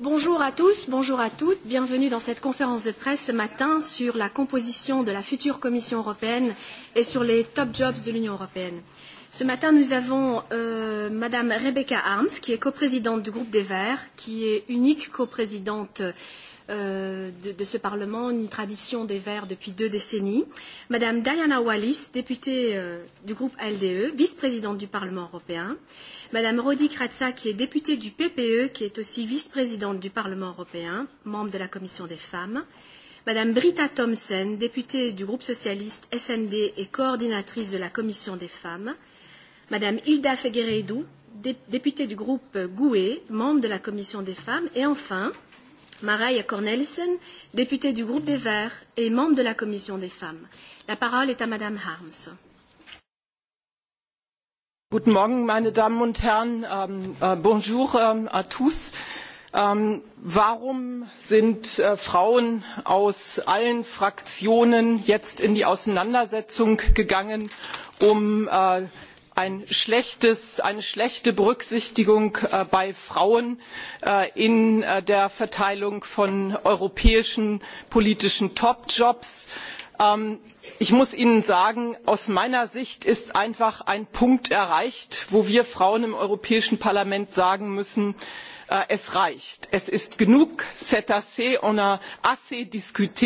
Bonjour à tous, bonjour à toutes. Bienvenue dans cette conférence de presse ce matin sur la composition de la future Commission européenne et sur les top jobs de l'Union européenne. Ce matin, nous avons euh, Madame Rebecca Arms, qui est coprésidente du groupe des Verts, qui est unique coprésidente euh, euh, de, de ce Parlement, une tradition des Verts depuis deux décennies. Madame Diana Wallis, députée euh, du groupe LDE, vice-présidente du Parlement européen. Madame Rodi Kratza, qui est députée du PPE, qui est aussi vice-présidente du Parlement européen, membre de la Commission des femmes. Madame Britta Thomsen, députée du groupe socialiste SND et coordinatrice de la Commission des femmes. Madame Hilda Fegereidou, députée du groupe GUE, membre de la Commission des femmes. Et enfin, euh, Mareille Cornelissen, députée du groupe des Verts et membre de la commission des femmes. La parole est à madame Harms. Guten Morgen, meine Damen und Herren. Ähm, äh, bonjour äh, à tous. Ähm, warum sind äh, Frauen aus allen Fraktionen jetzt in die Auseinandersetzung gegangen, um äh, eine schlechte berücksichtigung äh, bei frauen äh, in äh, der verteilung von europäischen politischen top jobs. Ähm, ich muss ihnen sagen aus meiner sicht ist einfach ein punkt erreicht wo wir frauen im europäischen parlament sagen müssen es reicht es ist genug c'est assez on a assez discut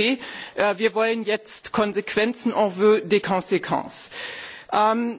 wir wollen jetzt konsequenzen on veut des consquences. Ähm,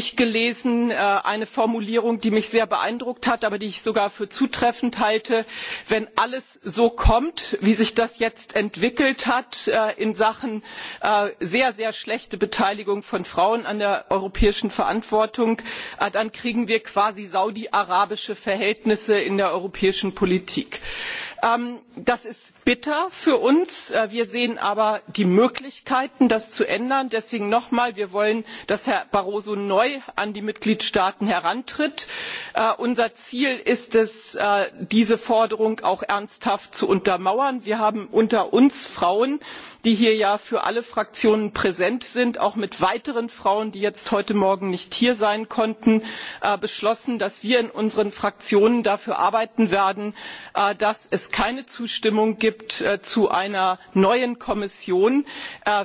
ich gelesen äh, eine formulierung die mich sehr beeindruckt hat aber die ich sogar für zutreffend halte wenn alles so kommt wie sich das jetzt entwickelt hat äh, in sachen äh, sehr sehr schlechte beteiligung von frauen an der europäischen verantwortung dann kriegen wir quasi saudi arabische verhältnisse in der europäischen politik. Ähm, das ist bitter für uns wir sehen aber die möglichkeiten das zu ändern. deswegen noch einmal wir wollen dass herr barroso neu an die mitgliedstaaten herantritt. Äh, unser ziel ist es äh, diese forderung auch ernsthaft zu untermauern. wir haben unter uns frauen die hier ja für alle fraktionen präsent sind auch mit weiteren frauen die jetzt heute morgen nicht hier sein konnten äh, beschlossen dass wir in unseren fraktionen dafür arbeiten werden dass es keine zustimmung gibt zu einer neuen kommission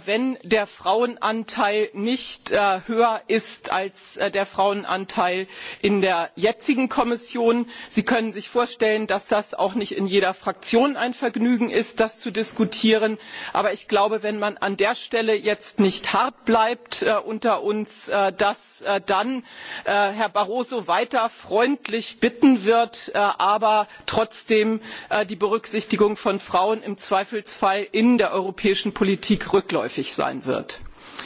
wenn der frauenanteil nicht höher ist als äh, der frauenanteil in der jetzigen kommission. sie können sich vorstellen dass es auch nicht in jeder fraktion ein vergnügen ist das zu diskutieren. aber ich glaube wenn man an der stelle jetzt nicht hart bleibt äh, unter uns äh, dass dann herr barroso weiter freundlich bitten wird aber trotzdem die berücksichtigung von frauen im zweifelsfall in der europäischen politik rückläufig sein wird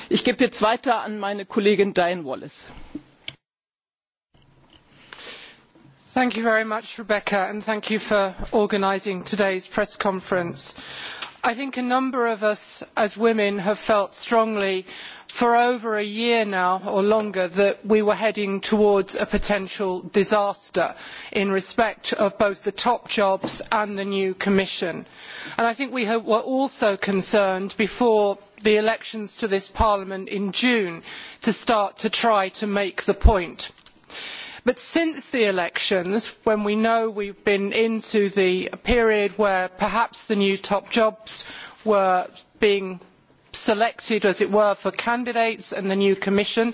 ich gebe jetzt weiter an meine kollegin diane wallis. thank you very much rebecca and thank you for organising today's press conference. i think a number of us as women have felt strongly for over a year now or longer that we were heading towards a potential disaster in respect of both the top jobs and the new commission and i think we were also concerned before the elections to this parliament in june to start to try to make the point but since the elections when we know we have been into the period where perhaps the new top jobs were being selected as it were for candidates and the new commission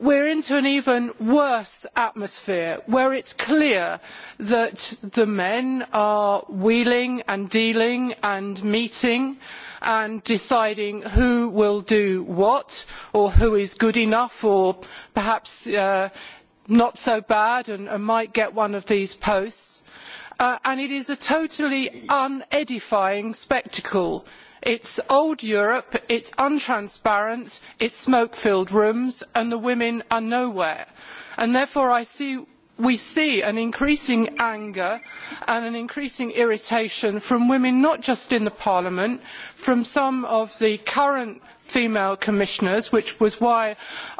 we are into an even worse atmosphere where it is clear that the men are wheeling and dealing and meeting and and deciding who will do what or who is good enough or perhaps uh, not so bad and, and might get one of these posts. Uh, and it is a totally unedifying spectacle. It's old Europe, it's untransparent, it's smoke filled rooms, and the women are nowhere. And therefore, I see we see an increasing anger and an increasing irritation from women not just in the parliament from some of the current female commissioners which was why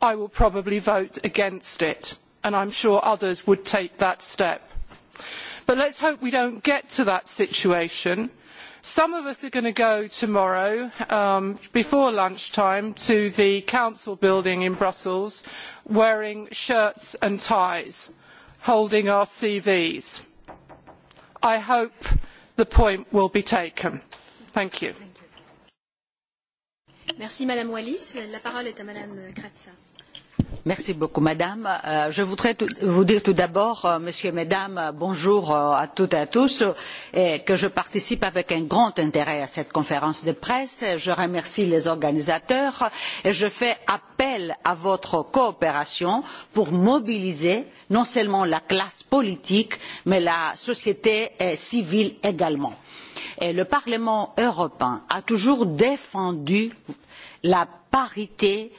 i will probably vote against it and i am sure others would take that step. but let us hope we do not get to that situation. some of us are going to go tomorrow um, before lunchtime to the council building in brussels wearing shirts and ties holding our cvs. i hope the point will be taken. thank you. Merci Madame Wallis. La parole est à Madame Kratza. Merci beaucoup Madame. Euh, je voudrais tout, vous dire tout d'abord, euh, Monsieur et Mesdames, euh, bonjour euh, à toutes et à tous, euh, et que je participe avec un grand intérêt à cette conférence de presse. Je remercie les organisateurs et je fais appel à votre coopération pour mobiliser non seulement la classe politique, mais la société euh, civile également. Et le Parlement européen a toujours défendu la parité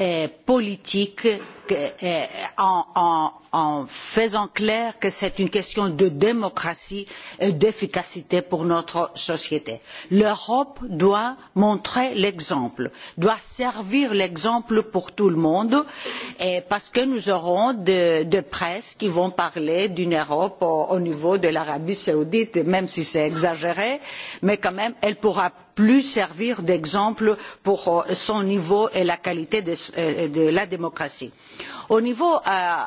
euh, politique et Eh, en faisant clair que c'est une question de démocratie et d'efficacité pour notre société. l'europe doit montrer l'exemple doit servir l'exemple pour tout le monde et parce que nous aurons des de presses qui vont parler d'une europe au, au niveau de l'arabie saoudite même si c'est exagéré mais quand même elle pourra plus servir d'exemple pour euh, son niveau et la qualité de, euh, de la démocratie au niveau euh,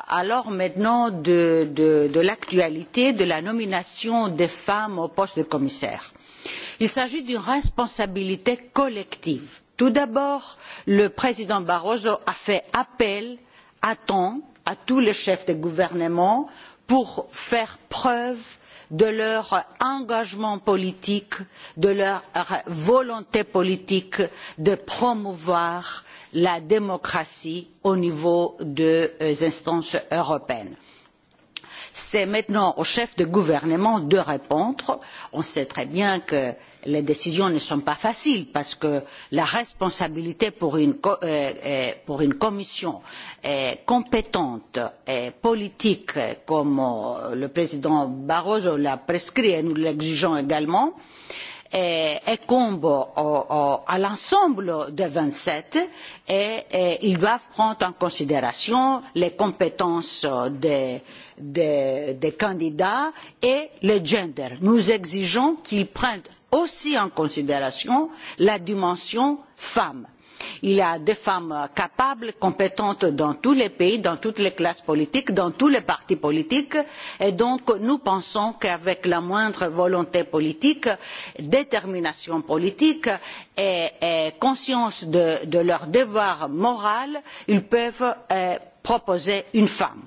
alors maintenant de, de, de l'actualité de la nomination des femmes au poste de commissaire il s'agit d'une responsabilité collective tout d'abord le président barroso a fait appel à temps à tous les chefs de gouvernement pour faire preuve de leur engagement politique de leur volonté politique de promouvoir la démocratie au niveau des euh, instances européennes. c'est maintenant aux chefs de gouvernement de répondre. on sait très bien que les décisions ne sont pas faciles parce que la responsabilité pour une, co euh, euh pour une commission est compétente et politique comme euh, le président Barroso l'a prescrit et nous l'exigeons également et, et combo à l'ensemble des 27 et, et ils doivent prendre en considération les compétences des, des, des candidats et le gender. Nous exigeons qu'ils prennent aussi en considération la dimension femme. il y a des femmes capables compétentes dans tous les pays dans toutes les classes politiques dans tous les partis politiques et donc nous pensons qu'avec la moindre volonté politique détermination politique et, et conscience de, de leur devoir moral ils peuvent euh, proposer une femme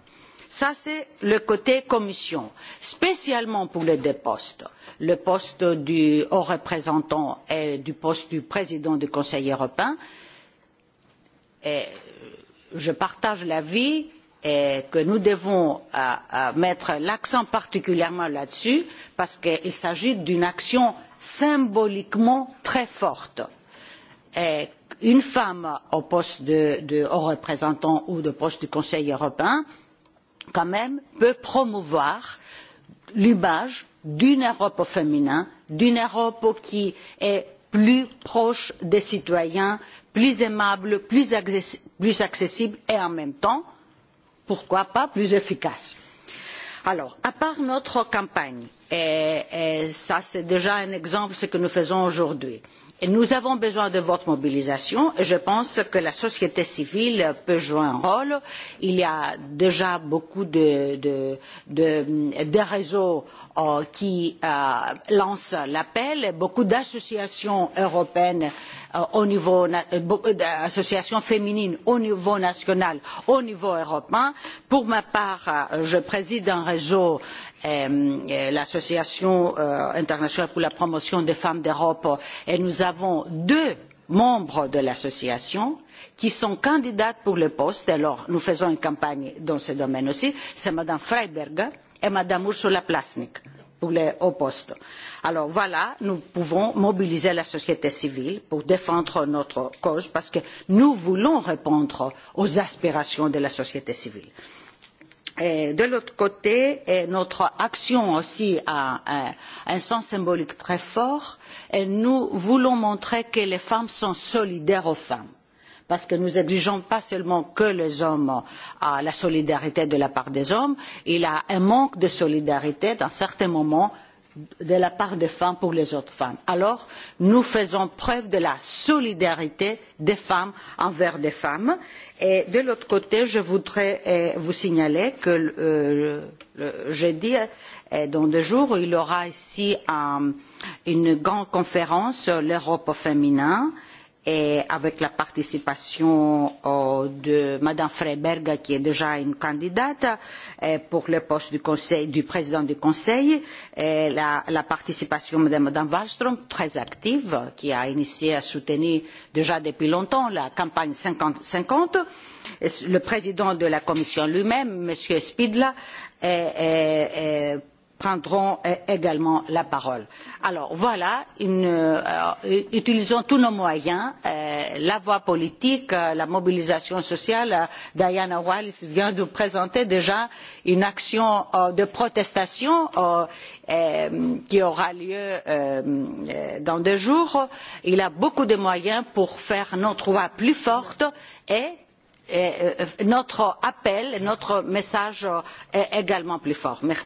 ça c'est le côté commission spécialement pour les deux postes le poste du haut représentant et le poste du président du conseil européen et je partage l'avis et que nous devons à, euh, à euh, mettre l'accent particulièrement là dessus parce qu'il s'agit d'une action symboliquement très forte. Et une femme au poste de, de haut représentant ou de poste du conseil européen quand même peut promouvoir l'image d'une Europe au féminin, d'une Europe qui est plus proche des citoyens, plus aimable, plus, accessi plus accessible et en même temps, pourquoi pas, plus efficace. Alors, à part notre campagne, et, et ça c'est déjà un exemple de ce que nous faisons aujourd'hui, Nous avons besoin de votre mobilisation et je pense que la société civile peut jouer un rôle. Il y a déjà beaucoup de, de, de, de réseaux euh, qui euh, lancent l'appel, beaucoup d'associations européennes euh, au niveau euh, beaucoup euh, d'associations féminines au niveau national, au niveau européen. Pour ma part, euh, je préside un réseau euh, Euh, euh, l'Association euh, internationale pour la promotion des femmes d'Europe, euh, et nous avons deux membres de l'association qui sont candidates pour le poste, alors nous faisons une campagne dans ce domaine aussi, c'est Mme Freiberg et Mme Ursula Plasnik pour les hauts postes. Alors voilà, nous pouvons mobiliser la société civile pour défendre notre cause parce que nous voulons répondre aux aspirations de la société civile de l'autre côté notre action a aussi un sens symbolique très fort nous voulons montrer que les femmes sont solidaires aux femmes parce que nous n'exigeons pas seulement que les hommes aient la solidarité de la part des hommes il y a un manque de solidarité à certains moments de la part des femmes pour les autres femmes. alors nous faisons preuve de la solidarité des femmes envers les femmes et de l'autre côté je voudrais eh, vous signaler que euh, jeudi et eh, dans deux jours il y aura ici un, euh, une grande conférence l'europe féminin et avec la participation euh, de Madame Freiberg, qui est déjà une candidate euh, pour le poste du, conseil, du président du Conseil, et la, la participation de Madame Wallström, très active, qui a initié à soutenir déjà depuis longtemps la campagne 50-50, le président de la Commission lui-même, Monsieur Spidla, est, est, est prendront euh, également la parole. Alors voilà, une, euh, euh, utilisons tous nos moyens, euh, la voie politique, euh, la mobilisation sociale. Euh, Diana Wallis vient de présenter déjà une action euh, de protestation euh, euh, qui aura lieu euh, euh dans deux jours. Il a beaucoup de moyens pour faire notre voix plus forte et et notre appel, notre message est également plus fort. Merci.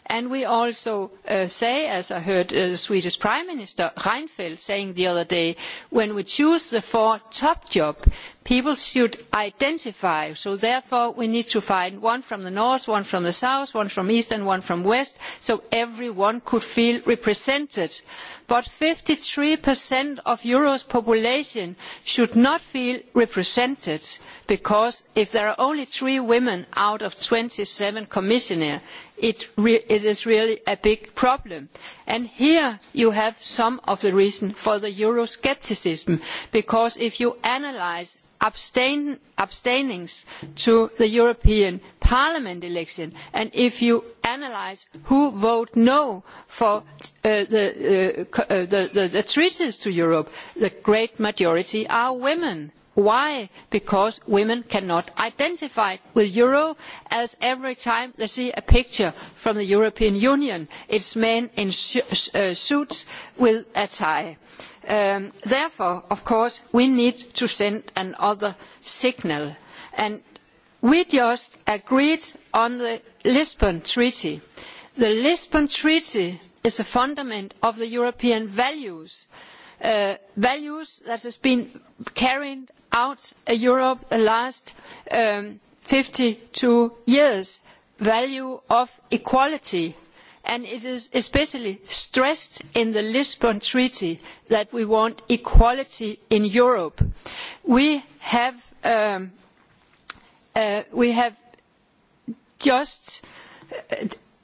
and we also uh, say as i heard uh, the swedish prime minister reinfeldt saying the other day when we choose the four top jobs people should identify so therefore we need to find one from the north one from the south one from the east and one from the west so everyone could feel represented. but fifty three of europe's population should not feel represented because if there are only three women out of twenty seven commissioners it is really a big problem. here you have some of the reason for the euroscepticism because if you analyse abstaining to the european parliament election and if you analyse who voted no' for uh, uh, uh, the treaties to europe the great majority are women why? because women cannot identify with the euro as every time they see a picture from the european union it is men in uh, suits with a tie. Um, therefore of course we need to send another signal and we just agreed on the lisbon treaty. the lisbon treaty is the fundament of the european values uh, values that have been carried out a Europe the last um, 52 years, value of equality. And it is especially stressed in the Lisbon Treaty that we want equality in Europe. We have, um, uh, we have just uh,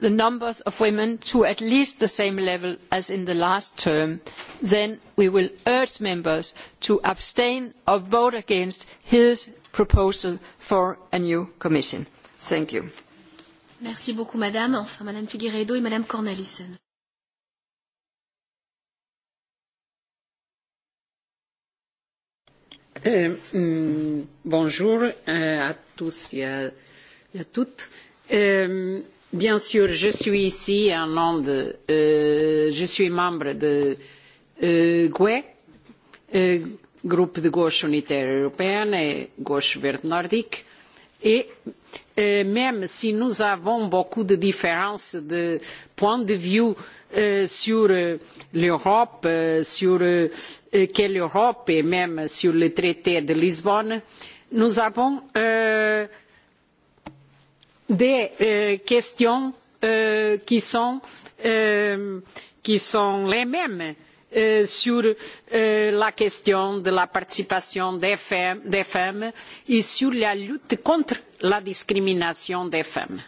the numbers of women to at least the same level as in the last term then we will urge members to abstain or vote against his proposal for a new commission. thank you. Merci beaucoup, Madame. Enfin, Madame Figueiredo et Madame Cornelissen. Euh, mm, bonjour euh, à tous et à, et à toutes. Euh, bien sûr je suis ici en nom de euh, je suis membre de euh, GUE euh, groupe de gauche unitaire européenne et gauche verte nordique et euh, même si nous avons beaucoup de différences de point de vue euh, sur euh, l'Europe, euh, sur euh, euh quelle Europe et même sur le traité de Lisbonne, nous avons euh, des euh, questions euh, qui, sont, euh, qui sont les mêmes euh, sur euh, la question de la participation des femmes, des femmes et sur la lutte contre la discrimination des femmes.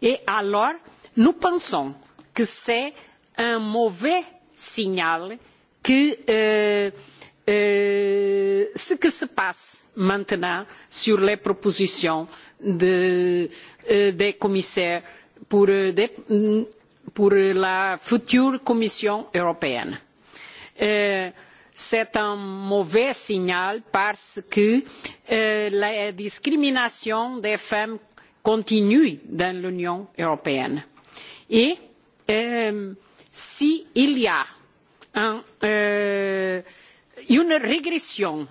Et alors, nous pensons que c'est un mauvais signal que euh, ce eh, que se passe maintenant sur les propositions de, euh, des commissaires pour, euh, de, pour la future Commission européenne. Euh, c'est un mauvais signal parce que euh, la discrimination des femmes continue dans l'Union européenne. Et euh, s'il si y a un, euh, une régression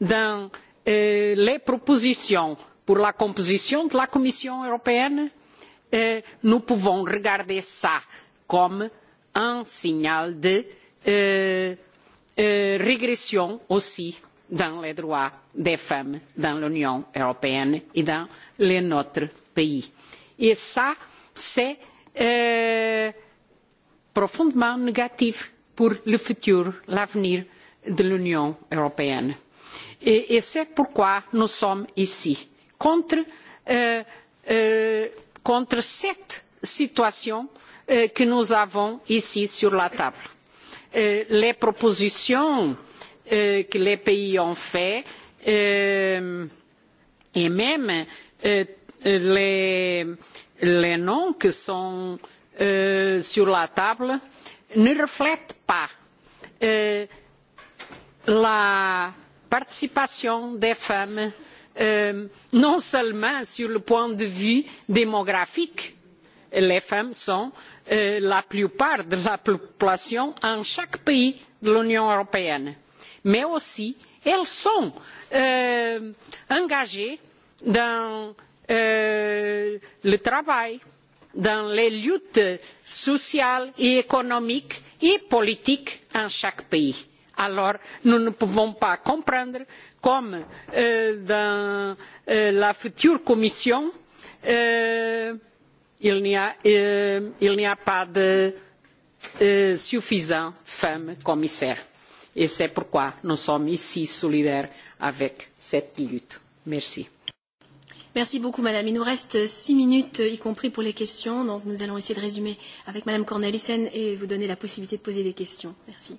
dans euh, les propositions pour la composition de la Commission européenne, euh, nous pouvons regarder ça comme un um signal de euh, euh, régression aussi dans les droits des femmes dans l'Union européenne et dans les notre pays. Et ça, c'est euh, profondément négatif pour le futur, l'avenir de l'Union européenne. Et, et c'est pourquoi nous sommes ici, contre, euh, euh, contre cette situation euh, que nous avons ici sur la table. Euh, les propositions euh, que les pays ont faites euh, et même euh, les, les noms qui sont euh, sur la table ne reflètent pas euh, la participation des femmes, euh, non seulement sur le point de vue démographique, les femmes sont euh, la plupart de la population en chaque pays de l'Union européenne, mais aussi elles sont euh, engagées dans euh, le travail, dans les luttes sociales et économiques et politiques en chaque pays. Alors, nous ne pouvons pas comprendre comme euh, dans euh, la future commission, euh, il n'y a, euh, a pas de euh, suffisant femme commissaire. Et c'est pourquoi nous sommes ici solidaires avec cette lutte. Merci. Merci beaucoup, Madame. Il nous reste six minutes, y compris pour les questions. Donc, nous allons essayer de résumer avec Madame Cornelissen et vous donner la possibilité de poser des questions. Merci.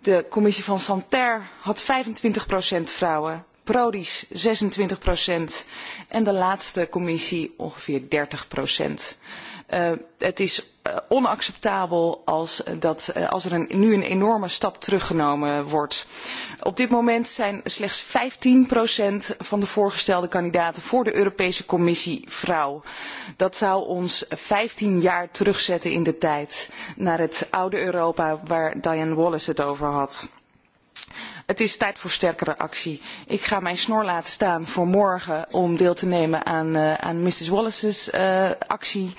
De commissie van Santerre had 25% vrouwen, Prodis 26% en de laatste commissie ongeveer 30%. Uh, eh, het is uh, onacceptabel als, uh, dat, uh, als er een, nu een enorme stap teruggenomen wordt. Op dit moment zijn slechts 15% van de voorgestelde kandidaten voor de Europese Commissie vrouw. Dat zou ons 15 jaar terugzetten in de tijd naar het oude Europa waar Diane Wallace het over had. Het is tijd voor sterkere actie. Ik ga mijn snor laten staan voor morgen om deel te nemen aan, uh, aan Mrs. Wallace's uh, actie.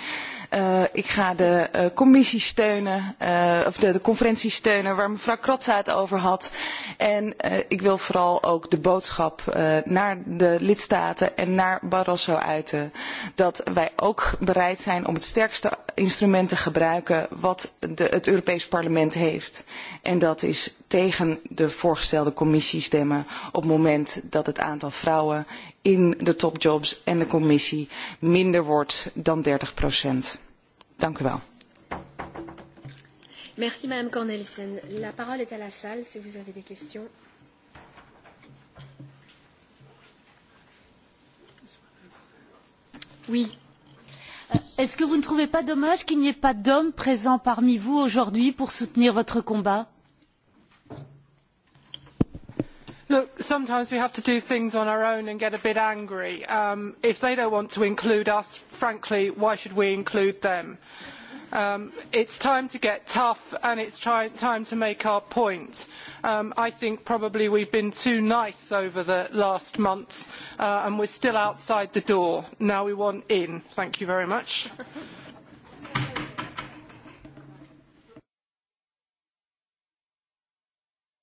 Uh, ik ga de uh, commissie steunen, uh, of de, de conferentie steunen waar mevrouw Kratza het over had. En uh, ik wil vooral ook de boodschap uh, naar de lidstaten en naar Barroso uiten. Dat wij ook bereid zijn om het sterkste instrument te gebruiken wat de, het Europees Parlement heeft. En dat is tegen de voorgestelde commissie stemmen op het moment dat het aantal vrouwen in de topjobs en de commissie minder wordt dan 30 procent. Dank u wel. Merci, madame Cornelissen. La parole est à la salle, si vous avez des questions. Oui. Euh, est-ce que vous ne trouvez pas dommage qu'il n'y ait pas d'hommes présents parmi vous aujourd'hui pour soutenir votre combat Look, sometimes we have to do things on our own and get a bit angry. Um, if they don't want to include us, frankly, why should we include them? Um, it's time to get tough and it's try- time to make our point. Um, I think probably we've been too nice over the last months uh, and we're still outside the door. Now we want in. Thank you very much.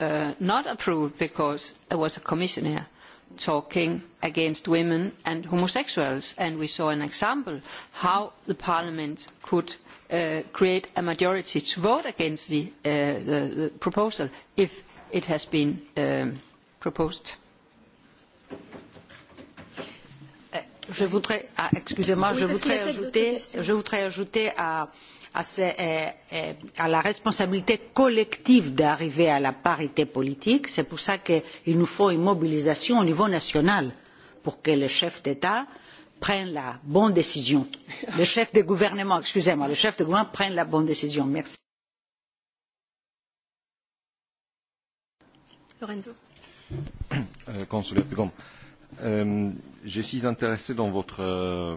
Uh, not approved because there was a commissioner talking against women and homosexuals and we saw an example how the parliament could uh, create a majority to vote against the, uh, the, the proposal if it has been um, proposed. Euh, je voudrais, ah, excusez-moi, oui, je voudrais ajouter, je voudrais ajouter à, à, ce, euh, euh, à la responsabilité collective d'arriver à la parité politique. C'est pour ça qu'il nous faut une mobilisation au niveau national pour que le chef d'État prenne la bonne décision. Le chef de gouvernement, excusez-moi, le chef de gouvernement prenne la bonne décision. Merci. Lorenzo. Euh, consulat, bon. euh, je suis intéressé dans votre euh,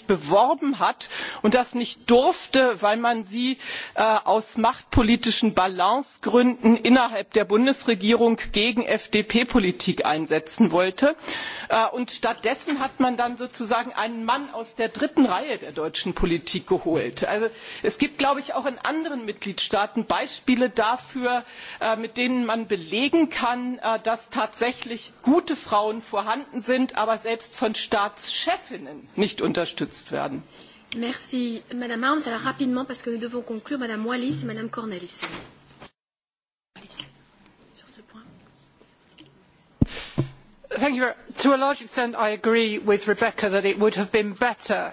nicht beworben hat und das nicht durfte weil man sie äh, aus machtpolitischen balancegründen innerhalb der bundesregierung gegen fdp politik einsetzen wollte. Äh, stattdessen hat man dann sozusagen einen mann aus der dritten reihe der deutschen politik geholt. es gibt auch in anderen mitgliedstaaten beispiele dafür äh, mit denen man belegen kann dass tatsächlich gute frauen vorhanden sind aber selbst von staatschefinnen nicht geschützt werden. Merci, Madame Arms. Alors rapidement, parce que nous devons conclure, Madame Wallis et Madame Cornelis. Sur ce point. Thank you. To a large extent, I agree with Rebecca that it would have been better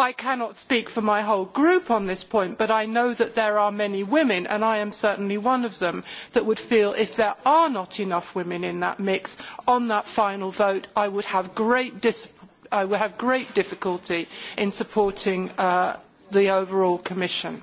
i cannot speak for my whole group on this point but i know that there are many women and i am certainly one of them who would feel that if there are not enough women in that mix on that final vote they would have great difficulty in supporting uh, the overall commission.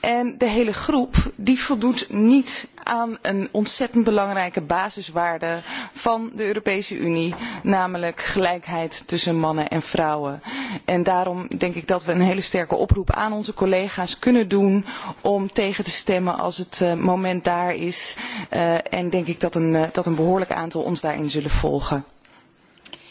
En de hele groep die voldoet niet aan een ontzettend belangrijke basiswaarde van de Europese Unie, namelijk gelijkheid tussen mannen en vrouwen. En daarom denk ik dat we een hele sterke oproep aan onze collega's kunnen doen om tegen te stemmen als het uh, moment daar is. Uh, en denk ik dat een, uh, dat een behoorlijk aantal ons daarin zullen volgen.